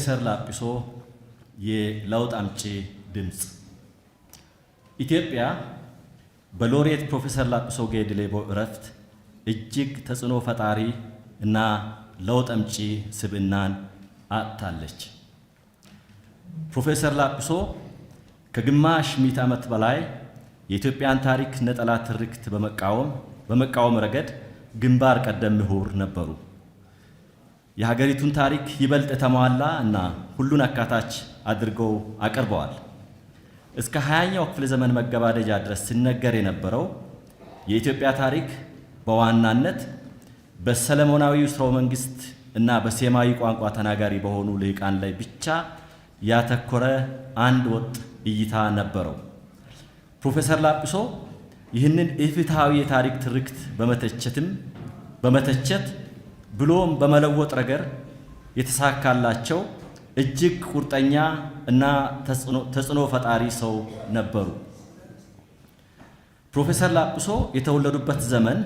ፕሮፌሰር ላጲሶ የለውጥ አምጪ ድምፅ ኢትዮጵያ በሎሬት ፕሮፌሰር ላጲሶ ጌ.ዴሌቦ እረፍት እጅግ ተጽዕኖ ፈጣሪ እና ለውጥ አምጪ ስብዕናን አጥታለች። ፕሮፌሰር ላጲሶ ከግማሽ ምዕተ ዓመት በላይ የኢትዮጵያን ታሪክ ነጠላ ትርክት በመቃወም በመቃወም ረገድ ግንባር ቀደም ምሁር ነበሩ። የሀገሪቱን ታሪክ ይበልጥ ተሟላ እና ሁሉን አካታች አድርገው አቅርበዋል። እስከ ሀያኛው ክፍለ ዘመን መገባደጃ ድረስ ሲነገር የነበረው የኢትዮጵያ ታሪክ በዋናነት በሰለሞናዊ ስርወ መንግስት እና በሴማዊ ቋንቋ ተናጋሪ በሆኑ ልሂቃን ላይ ብቻ ያተኮረ አንድ ወጥ እይታ ነበረው። ፕሮፌሰር ላጲሶ ይህንን ኢፍትሐዊ የታሪክ ትርክት በመተቸትም በመተቸት ብሎም በመለወጥ ረገር የተሳካላቸው እጅግ ቁርጠኛ እና ተጽዕኖ ፈጣሪ ሰው ነበሩ። ፕሮፌሰር ላጲሶ የተወለዱበት ዘመን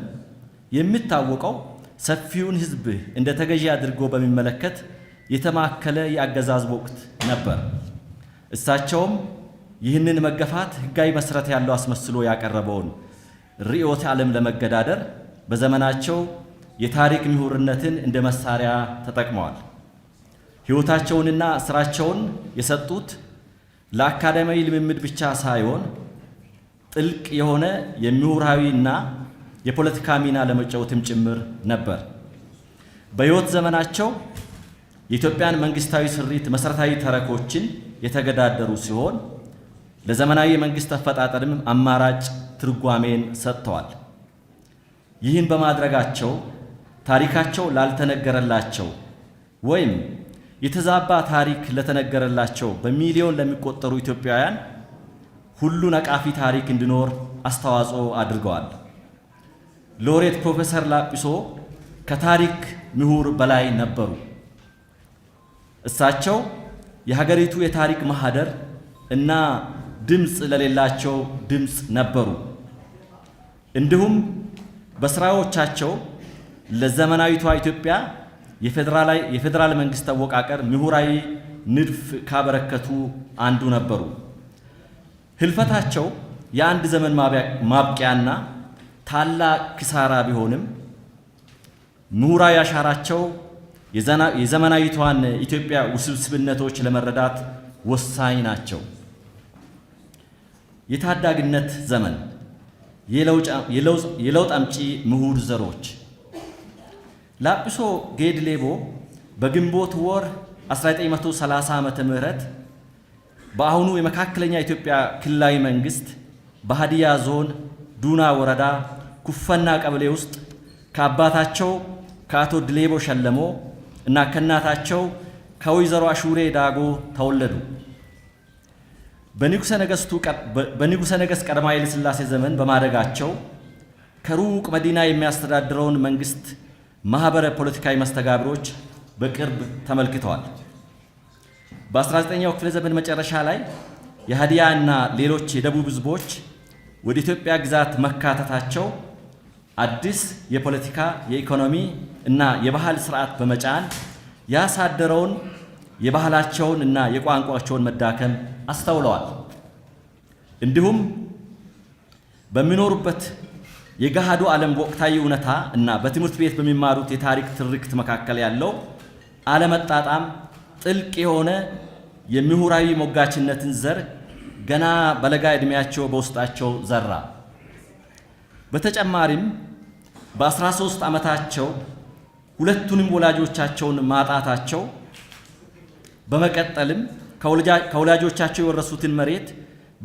የሚታወቀው ሰፊውን ሕዝብ እንደ ተገዢ አድርጎ በሚመለከት የተማከለ የአገዛዝ ወቅት ነበር። እሳቸውም ይህንን መገፋት ሕጋዊ መሰረት ያለው አስመስሎ ያቀረበውን ርዕዮተ ዓለም ለመገዳደር በዘመናቸው የታሪክ ምሁርነትን እንደ መሳሪያ ተጠቅመዋል። ሕይወታቸውንና ስራቸውን የሰጡት ለአካዳሚያዊ ልምምድ ብቻ ሳይሆን ጥልቅ የሆነ የምሁራዊና የፖለቲካ ሚና ለመጫወትም ጭምር ነበር። በሕይወት ዘመናቸው የኢትዮጵያን መንግስታዊ ስሪት መሰረታዊ ተረኮችን የተገዳደሩ ሲሆን ለዘመናዊ የመንግስት አፈጣጠርም አማራጭ ትርጓሜን ሰጥተዋል። ይህን በማድረጋቸው ታሪካቸው ላልተነገረላቸው ወይም የተዛባ ታሪክ ለተነገረላቸው በሚሊዮን ለሚቆጠሩ ኢትዮጵያውያን ሁሉን ነቃፊ ታሪክ እንዲኖር አስተዋጽኦ አድርገዋል። ሎሬት ፕሮፌሰር ላጲሶ ከታሪክ ምሁር በላይ ነበሩ። እሳቸው የሀገሪቱ የታሪክ ማህደር እና ድምፅ ለሌላቸው ድምፅ ነበሩ። እንዲሁም በስራዎቻቸው ለዘመናዊቷ ኢትዮጵያ የፌዴራል መንግስት አወቃቀር ምሁራዊ ንድፍ ካበረከቱ አንዱ ነበሩ። ህልፈታቸው የአንድ ዘመን ማብቂያና ታላቅ ክሳራ ቢሆንም ምሁራዊ አሻራቸው የዘመናዊቷን ኢትዮጵያ ውስብስብነቶች ለመረዳት ወሳኝ ናቸው። የታዳግነት ዘመን የለውጥ አምጪ ምሁር ዘሮች ላጲሶ ጌድሌቦ በግንቦት ወር 1930 ዓ. ምህረት በአሁኑ የመካከለኛ ኢትዮጵያ ክልላዊ መንግስት በሀዲያ ዞን ዱና ወረዳ ኩፈና ቀበሌ ውስጥ ከአባታቸው ከአቶ ድሌቦ ሸለሞ እና ከእናታቸው ከወይዘሮ አሹሬ ዳጎ ተወለዱ። በንጉሠ ነገሥት ቀዳማዊ ኃይለ ሥላሴ ዘመን በማደጋቸው ከሩቅ መዲና የሚያስተዳድረውን መንግስት ማህበረ ፖለቲካዊ መስተጋብሮች በቅርብ ተመልክተዋል። በ19ኛው ክፍለ ዘመን መጨረሻ ላይ የሀዲያ እና ሌሎች የደቡብ ህዝቦች ወደ ኢትዮጵያ ግዛት መካተታቸው አዲስ የፖለቲካ የኢኮኖሚ እና የባህል ስርዓት በመጫን ያሳደረውን የባህላቸውን እና የቋንቋቸውን መዳከም አስተውለዋል። እንዲሁም በሚኖሩበት የገሃዱ ዓለም ወቅታዊ እውነታ እና በትምህርት ቤት በሚማሩት የታሪክ ትርክት መካከል ያለው አለመጣጣም ጥልቅ የሆነ የምሁራዊ ሞጋችነትን ዘር ገና በለጋ ዕድሜያቸው በውስጣቸው ዘራ። በተጨማሪም በ13 ዓመታቸው ሁለቱንም ወላጆቻቸውን ማጣታቸው በመቀጠልም ከወላጆቻቸው የወረሱትን መሬት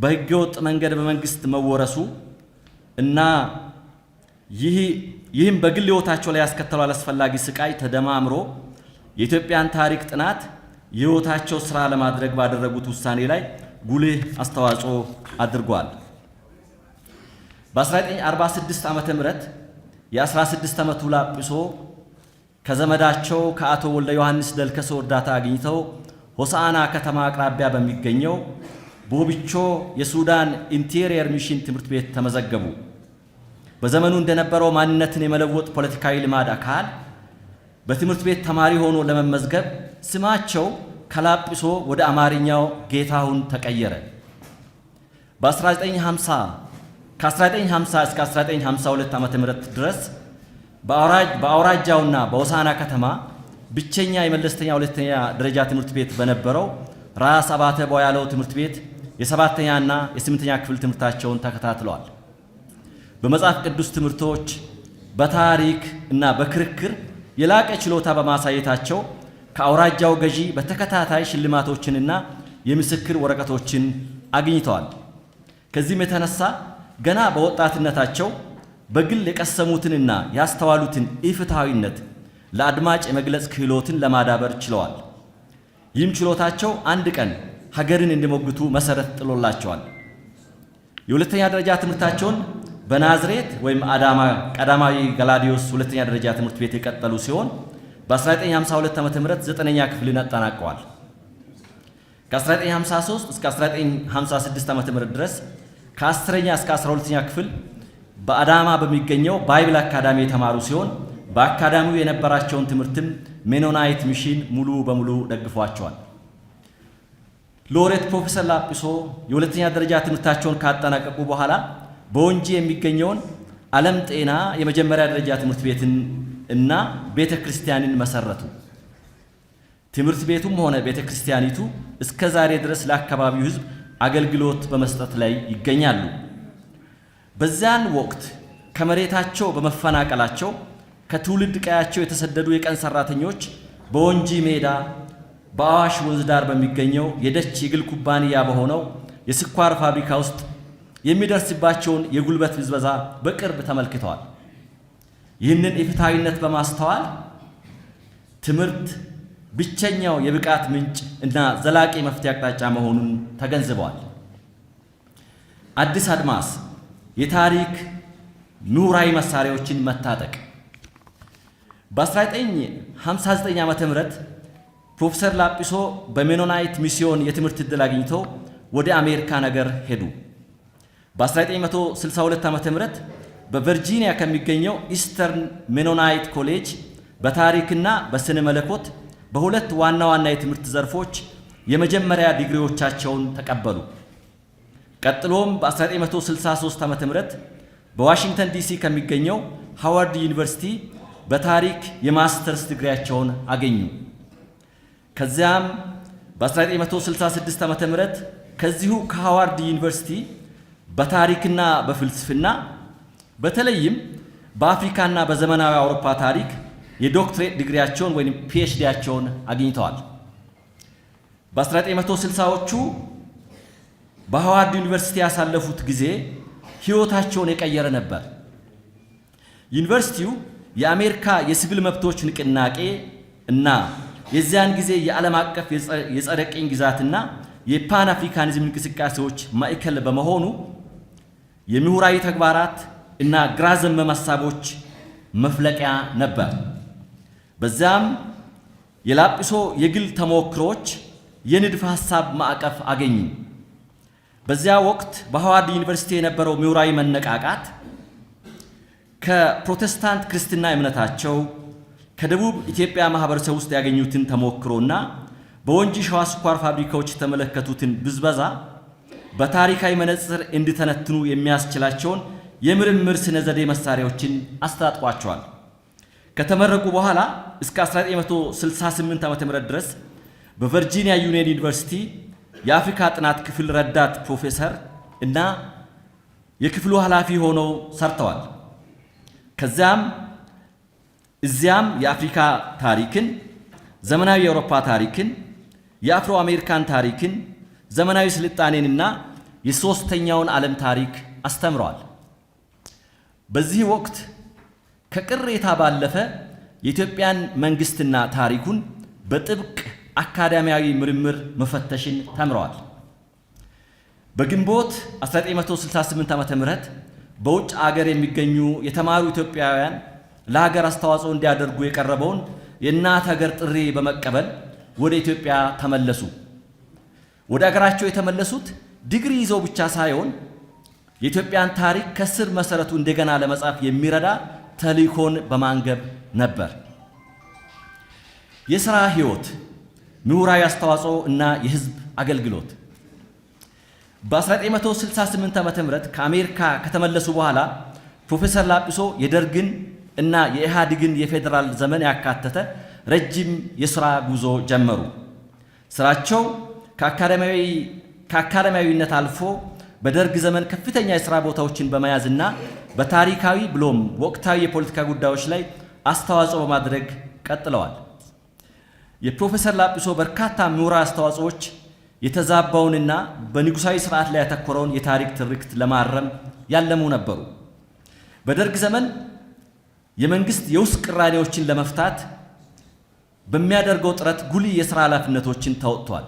በሕገወጥ መንገድ በመንግስት መወረሱ እና ይህም በግል ህይወታቸው ላይ ያስከተለው አላስፈላጊ ስቃይ ተደማምሮ የኢትዮጵያን ታሪክ ጥናት የህይወታቸው ስራ ለማድረግ ባደረጉት ውሳኔ ላይ ጉልህ አስተዋጽኦ አድርጓል። በ1946 ዓ ም የ16 ዓመቱ ላጲሶ ከዘመዳቸው ከአቶ ወልደ ዮሐንስ ደልከሶ እርዳታ አግኝተው ሆሳና ከተማ አቅራቢያ በሚገኘው ቦብቾ የሱዳን ኢንቴሪየር ሚሽን ትምህርት ቤት ተመዘገቡ። በዘመኑ እንደነበረው ማንነትን የመለወጥ ፖለቲካዊ ልማድ አካል በትምህርት ቤት ተማሪ ሆኖ ለመመዝገብ ስማቸው ከላጲሶ ወደ አማርኛው ጌታሁን ተቀየረ። በ1950 ከ1950 እስከ 1952 ዓ. ም ድረስ በአውራጃውና በወሳና ከተማ ብቸኛ የመለስተኛ ሁለተኛ ደረጃ ትምህርት ቤት በነበረው ራስ አባተ ቧያለው ትምህርት ቤት የሰባተኛና የስምንተኛ ክፍል ትምህርታቸውን ተከታትለዋል። በመጽሐፍ ቅዱስ ትምህርቶች በታሪክ እና በክርክር የላቀ ችሎታ በማሳየታቸው ከአውራጃው ገዢ በተከታታይ ሽልማቶችንና የምስክር ወረቀቶችን አግኝተዋል። ከዚህም የተነሳ ገና በወጣትነታቸው በግል የቀሰሙትንና ያስተዋሉትን ኢፍትሐዊነት ለአድማጭ የመግለጽ ክህሎትን ለማዳበር ችለዋል። ይህም ችሎታቸው አንድ ቀን ሀገርን እንዲሞግቱ መሰረት ጥሎላቸዋል። የሁለተኛ ደረጃ ትምህርታቸውን በናዝሬት ወይም አዳማ ቀዳማዊ ገላዲዮስ ሁለተኛ ደረጃ ትምህርት ቤት የቀጠሉ ሲሆን በ1952 ዓ.ም ዘጠነኛ ክፍልን አጠናቀዋል። ከ1953 እስከ 1956 ዓ.ም ድረስ ከ10ኛ እስከ 12ኛ ክፍል በአዳማ በሚገኘው ባይብል አካዳሚ የተማሩ ሲሆን በአካዳሚው የነበራቸውን ትምህርትም ሜኖናይት ሚሽን ሙሉ በሙሉ ደግፏቸዋል። ሎሬት ፕሮፌሰር ላጲሶ የሁለተኛ ደረጃ ትምህርታቸውን ካጠናቀቁ በኋላ በወንጂ የሚገኘውን ዓለም ጤና የመጀመሪያ ደረጃ ትምህርት ቤትን እና ቤተ ክርስቲያንን መሰረቱ። ትምህርት ቤቱም ሆነ ቤተ ክርስቲያኒቱ እስከ ዛሬ ድረስ ለአካባቢው ሕዝብ አገልግሎት በመስጠት ላይ ይገኛሉ። በዚያን ወቅት ከመሬታቸው በመፈናቀላቸው ከትውልድ ቀያቸው የተሰደዱ የቀን ሰራተኞች በወንጂ ሜዳ በአዋሽ ወንዝ ዳር በሚገኘው የደች የግል ኩባንያ በሆነው የስኳር ፋብሪካ ውስጥ የሚደርስባቸውን የጉልበት ብዝበዛ በቅርብ ተመልክተዋል። ይህንን የፍትሐዊነት በማስተዋል ትምህርት ብቸኛው የብቃት ምንጭ እና ዘላቂ መፍትሄ አቅጣጫ መሆኑን ተገንዝበዋል። አዲስ አድማስ የታሪክ ምሁራዊ መሳሪያዎችን መታጠቅ በ1959 ዓ ም ፕሮፌሰር ላጲሶ በሜኖናይት ሚስዮን የትምህርት ዕድል አግኝተው ወደ አሜሪካ ነገር ሄዱ። በ1962 ዓ ም በቨርጂኒያ ከሚገኘው ኢስተርን ሜኖናይት ኮሌጅ በታሪክና በስነ መለኮት በሁለት ዋና ዋና የትምህርት ዘርፎች የመጀመሪያ ዲግሪዎቻቸውን ተቀበሉ። ቀጥሎም በ1963 ዓ ም በዋሽንግተን ዲሲ ከሚገኘው ሃዋርድ ዩኒቨርሲቲ በታሪክ የማስተርስ ዲግሪያቸውን አገኙ። ከዚያም በ1966 ዓ ም ከዚሁ ከሃዋርድ ዩኒቨርሲቲ በታሪክና በፍልስፍና በተለይም በአፍሪካና በዘመናዊ አውሮፓ ታሪክ የዶክትሬት ዲግሪያቸውን ወይም ፒኤችዲያቸውን አግኝተዋል። በ1960ዎቹ በሃዋርድ ዩኒቨርሲቲ ያሳለፉት ጊዜ ሕይወታቸውን የቀየረ ነበር። ዩኒቨርሲቲው የአሜሪካ የሲቪል መብቶች ንቅናቄ እና የዚያን ጊዜ የዓለም አቀፍ የጸረ ቅኝ ግዛትና የፓን አፍሪካኒዝም እንቅስቃሴዎች ማዕከል በመሆኑ የምሁራዊ ተግባራት እና ግራ ዘመም ሀሳቦች መፍለቂያ ነበር። በዚያም የላጲሶ የግል ተሞክሮች የንድፈ ሀሳብ ማዕቀፍ አገኙ። በዚያ ወቅት በሃዋርድ ዩኒቨርሲቲ የነበረው ምሁራዊ መነቃቃት ከፕሮቴስታንት ክርስትና እምነታቸው ከደቡብ ኢትዮጵያ ማህበረሰብ ውስጥ ያገኙትን ተሞክሮና በወንጂ ሸዋ ስኳር ፋብሪካዎች የተመለከቱትን ብዝበዛ በታሪካዊ መነጽር እንዲተነትኑ የሚያስችላቸውን የምርምር ስነ ዘዴ መሳሪያዎችን አስተጣጥቋቸዋል። ከተመረቁ በኋላ እስከ 1968 ዓ.ም ድረስ በቨርጂኒያ ዩኒየን ዩኒቨርሲቲ የአፍሪካ ጥናት ክፍል ረዳት ፕሮፌሰር እና የክፍሉ ኃላፊ ሆነው ሰርተዋል። ከዚያም እዚያም የአፍሪካ ታሪክን፣ ዘመናዊ የአውሮፓ ታሪክን፣ የአፍሮ አሜሪካን ታሪክን ዘመናዊ ስልጣኔንና የሦስተኛውን ዓለም ታሪክ አስተምረዋል። በዚህ ወቅት ከቅሬታ ባለፈ የኢትዮጵያን መንግስትና ታሪኩን በጥብቅ አካዳሚያዊ ምርምር መፈተሽን ተምረዋል። በግንቦት 1968 ዓ ም በውጭ አገር የሚገኙ የተማሩ ኢትዮጵያውያን ለሀገር አስተዋጽኦ እንዲያደርጉ የቀረበውን የእናት ሀገር ጥሪ በመቀበል ወደ ኢትዮጵያ ተመለሱ። ወደ አገራቸው የተመለሱት ዲግሪ ይዘው ብቻ ሳይሆን የኢትዮጵያን ታሪክ ከስር መሰረቱ እንደገና ለመጻፍ የሚረዳ ተልእኮን በማንገብ ነበር። የሥራ ሕይወት፣ ምሁራዊ አስተዋጽኦ እና የህዝብ አገልግሎት በ1968 ዓ.ም ከአሜሪካ ከተመለሱ በኋላ ፕሮፌሰር ላጲሶ የደርግን እና የኢህአዴግን የፌዴራል ዘመን ያካተተ ረጅም የሥራ ጉዞ ጀመሩ። ስራቸው ከአካዳሚያዊነት አልፎ በደርግ ዘመን ከፍተኛ የስራ ቦታዎችን በመያዝና በታሪካዊ ብሎም ወቅታዊ የፖለቲካ ጉዳዮች ላይ አስተዋጽኦ በማድረግ ቀጥለዋል። የፕሮፌሰር ላጲሶ በርካታ ምሁራዊ አስተዋጽኦዎች የተዛባውንና በንጉሳዊ ስርዓት ላይ ያተኮረውን የታሪክ ትርክት ለማረም ያለሙ ነበሩ። በደርግ ዘመን የመንግስት የውስጥ ቅራኔዎችን ለመፍታት በሚያደርገው ጥረት ጉልህ የሥራ ኃላፊነቶችን ተወጥቷል።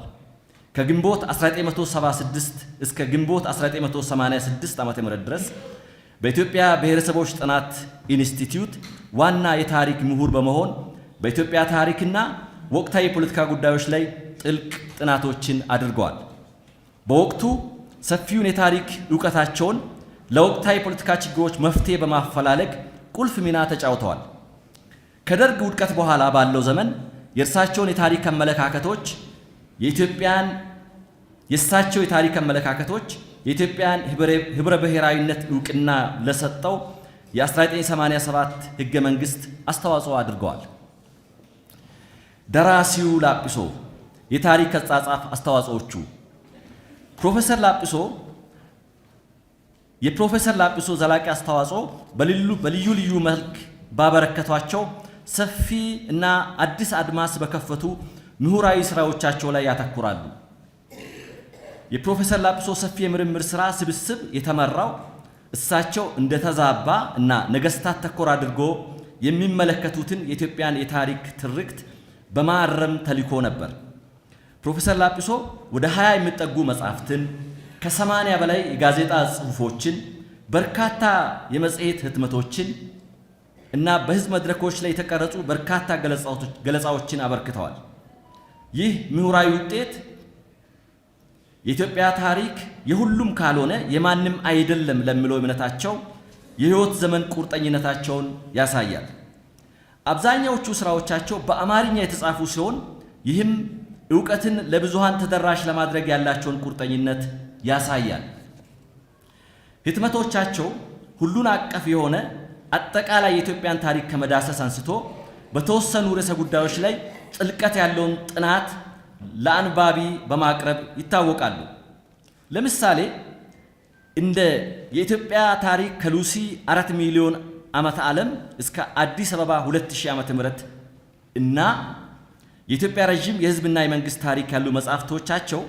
ከግንቦት 1976 እስከ ግንቦት 1986 ዓ.ም ድረስ በኢትዮጵያ ብሔረሰቦች ጥናት ኢንስቲትዩት ዋና የታሪክ ምሁር በመሆን በኢትዮጵያ ታሪክና ወቅታዊ የፖለቲካ ጉዳዮች ላይ ጥልቅ ጥናቶችን አድርገዋል። በወቅቱ ሰፊውን የታሪክ እውቀታቸውን ለወቅታዊ የፖለቲካ ችግሮች መፍትሄ በማፈላለግ ቁልፍ ሚና ተጫውተዋል። ከደርግ ውድቀት በኋላ ባለው ዘመን የእርሳቸውን የታሪክ አመለካከቶች የኢትዮጵያን የእሳቸው የታሪክ አመለካከቶች የኢትዮጵያን ህብረ ብሔራዊነት እውቅና ለሰጠው የ1987 ህገ መንግስት አስተዋጽኦ አድርገዋል። ደራሲው ላጲሶ የታሪክ አጻጻፍ አስተዋጽኦቹ ፕሮፌሰር ላጲሶ የፕሮፌሰር ላጲሶ ዘላቂ አስተዋጽኦ በልዩ ልዩ መልክ ባበረከቷቸው ሰፊ እና አዲስ አድማስ በከፈቱ ምሁራዊ ስራዎቻቸው ላይ ያተኩራሉ። የፕሮፌሰር ላጲሶ ሰፊ የምርምር ስራ ስብስብ የተመራው እሳቸው እንደ ተዛባ እና ነገስታት ተኮር አድርጎ የሚመለከቱትን የኢትዮጵያን የታሪክ ትርክት በማረም ተልዕኮ ነበር። ፕሮፌሰር ላጲሶ ወደ 20 የሚጠጉ መጻሕፍትን ከ80 በላይ የጋዜጣ ጽሑፎችን፣ በርካታ የመጽሔት ህትመቶችን እና በህዝብ መድረኮች ላይ የተቀረጹ በርካታ ገለጻዎችን አበርክተዋል። ይህ ምሁራዊ ውጤት የኢትዮጵያ ታሪክ የሁሉም ካልሆነ የማንም አይደለም ለሚለው እምነታቸው የሕይወት ዘመን ቁርጠኝነታቸውን ያሳያል። አብዛኛዎቹ ስራዎቻቸው በአማርኛ የተጻፉ ሲሆን ይህም እውቀትን ለብዙሃን ተደራሽ ለማድረግ ያላቸውን ቁርጠኝነት ያሳያል። ህትመቶቻቸው ሁሉን አቀፍ የሆነ አጠቃላይ የኢትዮጵያን ታሪክ ከመዳሰስ አንስቶ በተወሰኑ ርዕሰ ጉዳዮች ላይ ጥልቀት ያለውን ጥናት ለአንባቢ በማቅረብ ይታወቃሉ። ለምሳሌ እንደ የኢትዮጵያ ታሪክ ከሉሲ አራት ሚሊዮን ዓመት ዓለም እስከ አዲስ አበባ 2000 ዓመተ ምህረት እና የኢትዮጵያ ረዥም የሕዝብና የመንግስት ታሪክ ያሉ መጽሐፍቶቻቸው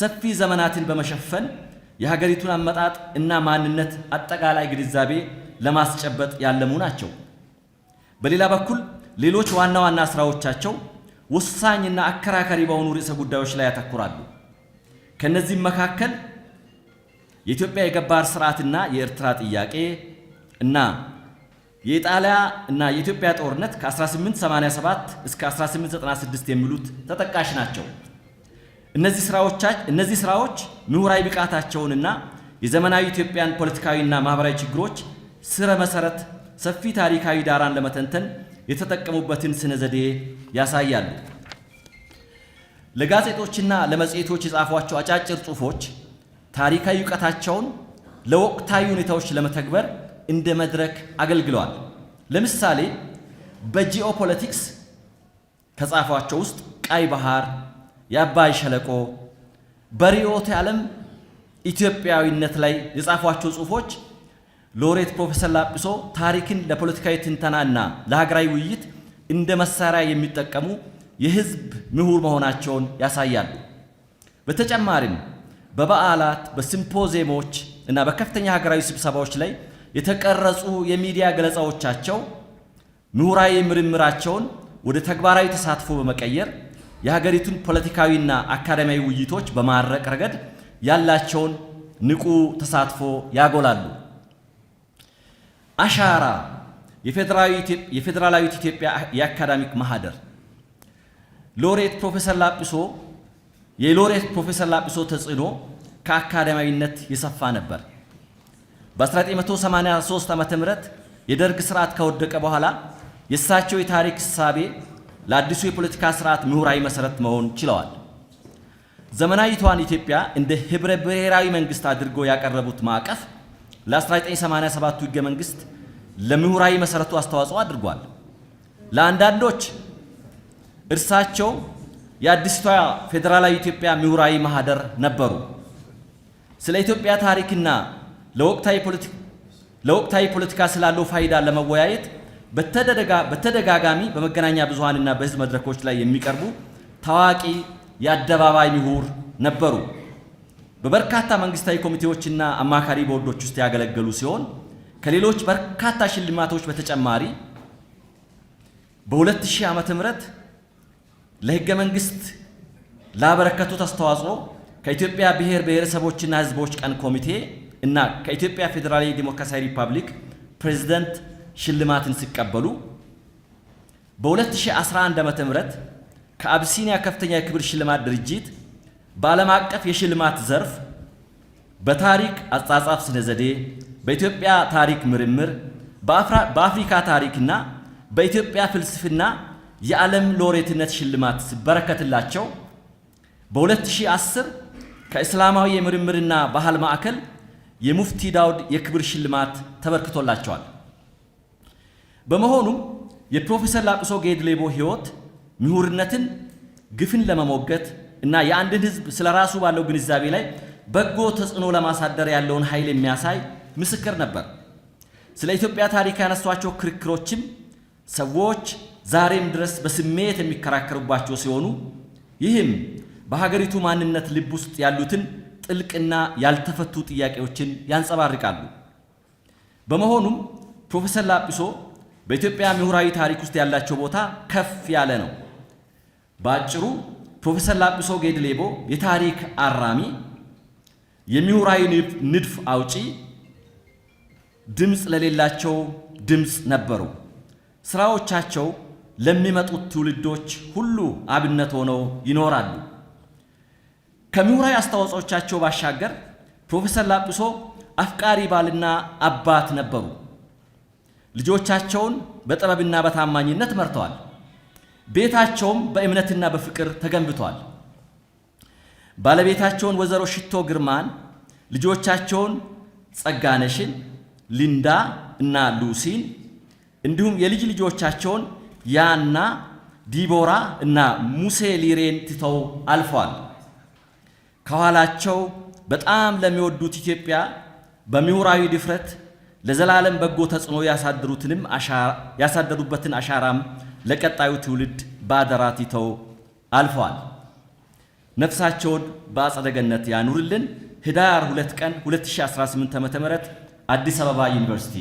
ሰፊ ዘመናትን በመሸፈን የሀገሪቱን አመጣጥ እና ማንነት አጠቃላይ ግንዛቤ ለማስጨበጥ ያለሙ ናቸው። በሌላ በኩል ሌሎች ዋና ዋና ስራዎቻቸው ወሳኝና አከራካሪ በሆኑ ርዕሰ ጉዳዮች ላይ ያተኩራሉ። ከነዚህም መካከል የኢትዮጵያ የገባር ስርዓትና የኤርትራ ጥያቄ እና የኢጣሊያ እና የኢትዮጵያ ጦርነት ከ1887 እስከ 1896 የሚሉት ተጠቃሽ ናቸው። እነዚህ ስራዎች ምሁራዊ ብቃታቸውንና የዘመናዊ ኢትዮጵያን ፖለቲካዊና ማህበራዊ ችግሮች ስረ መሰረት ሰፊ ታሪካዊ ዳራን ለመተንተን የተጠቀሙበትን ስነ ዘዴ ያሳያሉ። ለጋዜጦችና ለመጽሔቶች የጻፏቸው አጫጭር ጽሑፎች ታሪካዊ እውቀታቸውን ለወቅታዊ ሁኔታዎች ለመተግበር እንደ መድረክ አገልግለዋል። ለምሳሌ በጂኦፖለቲክስ ከጻፏቸው ውስጥ ቀይ ባህር፣ የአባይ ሸለቆ፣ በርዕዮተ ዓለም ኢትዮጵያዊነት ላይ የጻፏቸው ጽሑፎች ሎሬት ፕሮፌሰር ላጲሶ ታሪክን ለፖለቲካዊ ትንተናና ለሀገራዊ ውይይት እንደ መሳሪያ የሚጠቀሙ የህዝብ ምሁር መሆናቸውን ያሳያሉ። በተጨማሪም በበዓላት፣ በሲምፖዚየሞች እና በከፍተኛ ሀገራዊ ስብሰባዎች ላይ የተቀረጹ የሚዲያ ገለጻዎቻቸው ምሁራዊ ምርምራቸውን ወደ ተግባራዊ ተሳትፎ በመቀየር የሀገሪቱን ፖለቲካዊና አካዳሚያዊ ውይይቶች በማድረቅ ረገድ ያላቸውን ንቁ ተሳትፎ ያጎላሉ። አሻራ የፌዴራላዊት ኢትዮጵያ የአካዳሚክ ማህደር ሎሬት ፕሮፌሰር ላጲሶ የሎሬት ፕሮፌሰር ላጲሶ ተጽዕኖ ከአካዳሚዊነት የሰፋ ነበር። በ1983 ዓ.ም የደርግ ስርዓት ከወደቀ በኋላ የእሳቸው የታሪክ እሳቤ ለአዲሱ የፖለቲካ ስርዓት ምሁራዊ መሰረት መሆን ችለዋል። ዘመናዊቷን ኢትዮጵያ እንደ ህብረ ብሔራዊ መንግስት አድርጎ ያቀረቡት ማዕቀፍ ለ 1987 ህገ መንግስት ለምሁራዊ መሰረቱ አስተዋጽኦ አድርጓል። ለአንዳንዶች እርሳቸው የአዲስቷ ፌዴራላዊ ኢትዮጵያ ምሁራዊ ማህደር ነበሩ። ስለ ኢትዮጵያ ታሪክና ለወቅታዊ ፖለቲካ ስላለው ፋይዳ ለመወያየት በተደጋጋሚ በመገናኛ ብዙሃንና በህዝብ መድረኮች ላይ የሚቀርቡ ታዋቂ የአደባባይ ምሁር ነበሩ። በበርካታ መንግስታዊ ኮሚቴዎችና አማካሪ ቦርዶች ውስጥ ያገለገሉ ሲሆን ከሌሎች በርካታ ሽልማቶች በተጨማሪ በ2000 ዓመተ ምህረት ለህገ መንግስት ላበረከቱት አስተዋጽኦ ከኢትዮጵያ ብሔር ብሔረሰቦችና ህዝቦች ቀን ኮሚቴ እና ከኢትዮጵያ ፌዴራላዊ ዲሞክራሲያዊ ሪፐብሊክ ፕሬዝደንት ሽልማትን ሲቀበሉ በ2011 ዓ.ም ከአብሲኒያ ከፍተኛ የክብር ሽልማት ድርጅት በዓለም አቀፍ የሽልማት ዘርፍ፣ በታሪክ አጻጻፍ ስነ ዘዴ፣ በኢትዮጵያ ታሪክ ምርምር፣ በአፍሪካ ታሪክና በኢትዮጵያ ፍልስፍና የዓለም ሎሬትነት ሽልማት ሲበረከትላቸው በ2010 ከእስላማዊ የምርምርና ባህል ማዕከል የሙፍቲ ዳውድ የክብር ሽልማት ተበርክቶላቸዋል። በመሆኑም የፕሮፌሰር ላጲሶ ጌዴሌቦ ሕይወት ምሁርነትን፣ ግፍን ለመሞገት እና የአንድን ህዝብ ስለ ራሱ ባለው ግንዛቤ ላይ በጎ ተጽዕኖ ለማሳደር ያለውን ኃይል የሚያሳይ ምስክር ነበር። ስለ ኢትዮጵያ ታሪክ ያነሷቸው ክርክሮችም ሰዎች ዛሬም ድረስ በስሜት የሚከራከሩባቸው ሲሆኑ ይህም በሀገሪቱ ማንነት ልብ ውስጥ ያሉትን ጥልቅና ያልተፈቱ ጥያቄዎችን ያንጸባርቃሉ። በመሆኑም ፕሮፌሰር ላጲሶ በኢትዮጵያ ምሁራዊ ታሪክ ውስጥ ያላቸው ቦታ ከፍ ያለ ነው። በአጭሩ ፕሮፌሰር ላጲሶ ጌድሌቦ የታሪክ አራሚ፣ የምሁራዊ ንድፍ አውጪ፣ ድምፅ ለሌላቸው ድምፅ ነበሩ። ስራዎቻቸው ለሚመጡት ትውልዶች ሁሉ አብነት ሆነው ይኖራሉ። ከምሁራዊ አስተዋጽኦቻቸው ባሻገር ፕሮፌሰር ላጲሶ አፍቃሪ ባልና አባት ነበሩ። ልጆቻቸውን በጥበብና በታማኝነት መርተዋል። ቤታቸውም በእምነትና በፍቅር ተገንብቷል። ባለቤታቸውን ወይዘሮ ሽቶ ግርማን፣ ልጆቻቸውን ጸጋነሽን፣ ሊንዳ እና ሉሲን እንዲሁም የልጅ ልጆቻቸውን ያና ዲቦራ እና ሙሴ ሊሬን ትተው አልፏል። ከኋላቸው በጣም ለሚወዱት ኢትዮጵያ በምሁራዊ ድፍረት ለዘላለም በጎ ተጽዕኖ ያሳደሩበትን አሻራም ለቀጣዩ ትውልድ በአደራ ትተው አልፈዋል። ነፍሳቸውን በአጸደ ገነት ያኑርልን። ህዳር 2 ቀን 2018 ዓ.ም አዲስ አበባ ዩኒቨርሲቲ